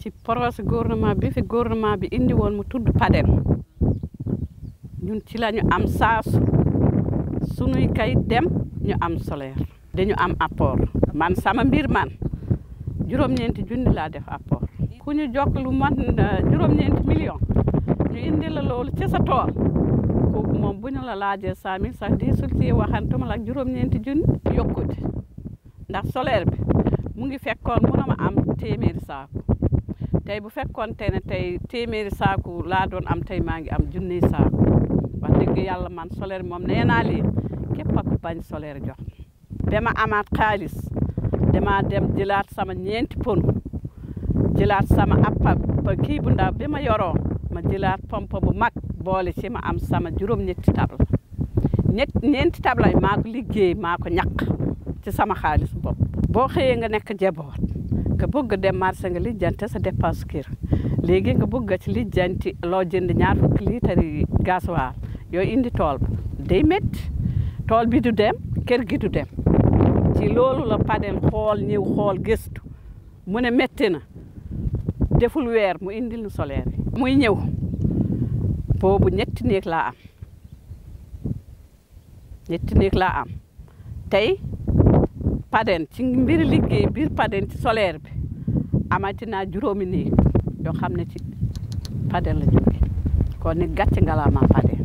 ci projet gouvernement bi fi gouvernement bi indi woon mu tudd Pader ñun ci lañu am saasu sunuy kayit dem ñu am solaire dañu am apport man sama mbir man juróom-ñeenti junni laa def apport ku ñu jokk lu man euh, juróom-ñeenti million ñu indi la loolu ci sa tool kooku moom bu la laajee cent mille sax si sul ci waxantuma la ak juróom-ñeenti junni yokkute ndax solaire bi mu ngi fekkoon mu ma am téeméeri saako tey bu fekkoon te ne tey téeméeri saaku laa doon am tey maa ngi am junni saaku wax dëgg yàlla man solaire moom nee naa leen képp ak bañ solaire jox ba amaat xaalis dama dem jëlaat sama ñeenti pon jëlaat sama appa ba kii bu ndaw bi ma yoroo ma jëlaat pompe bu mag boole ci ma am sama juróom-ñetti tabla ñett ñeenti tabla yi liggéey maa ko ñaq ci sama xaalis bopp boo xëyee nga nekk jaboot nga bëgg a démarché nga lijjante sa dépense léegi nga bëgg ci lijjanti loo jënd ñaar fukki litre yi gasoil yooyu indi tool ba day tool bi du dem kër gi du dem ci loolu la padel xool ñëw xool gëstu mu ne metti na deful weer mu indil nu solaire muy ñëw boobu ñetti néeg laa am ñetti néeg laa am tey Paden ci mbir liggéey biir Paden ci solaire bi amati naa juróomi néeg yoo xam ne ci Paden la jóge kon nit gàcc ngalaama Paden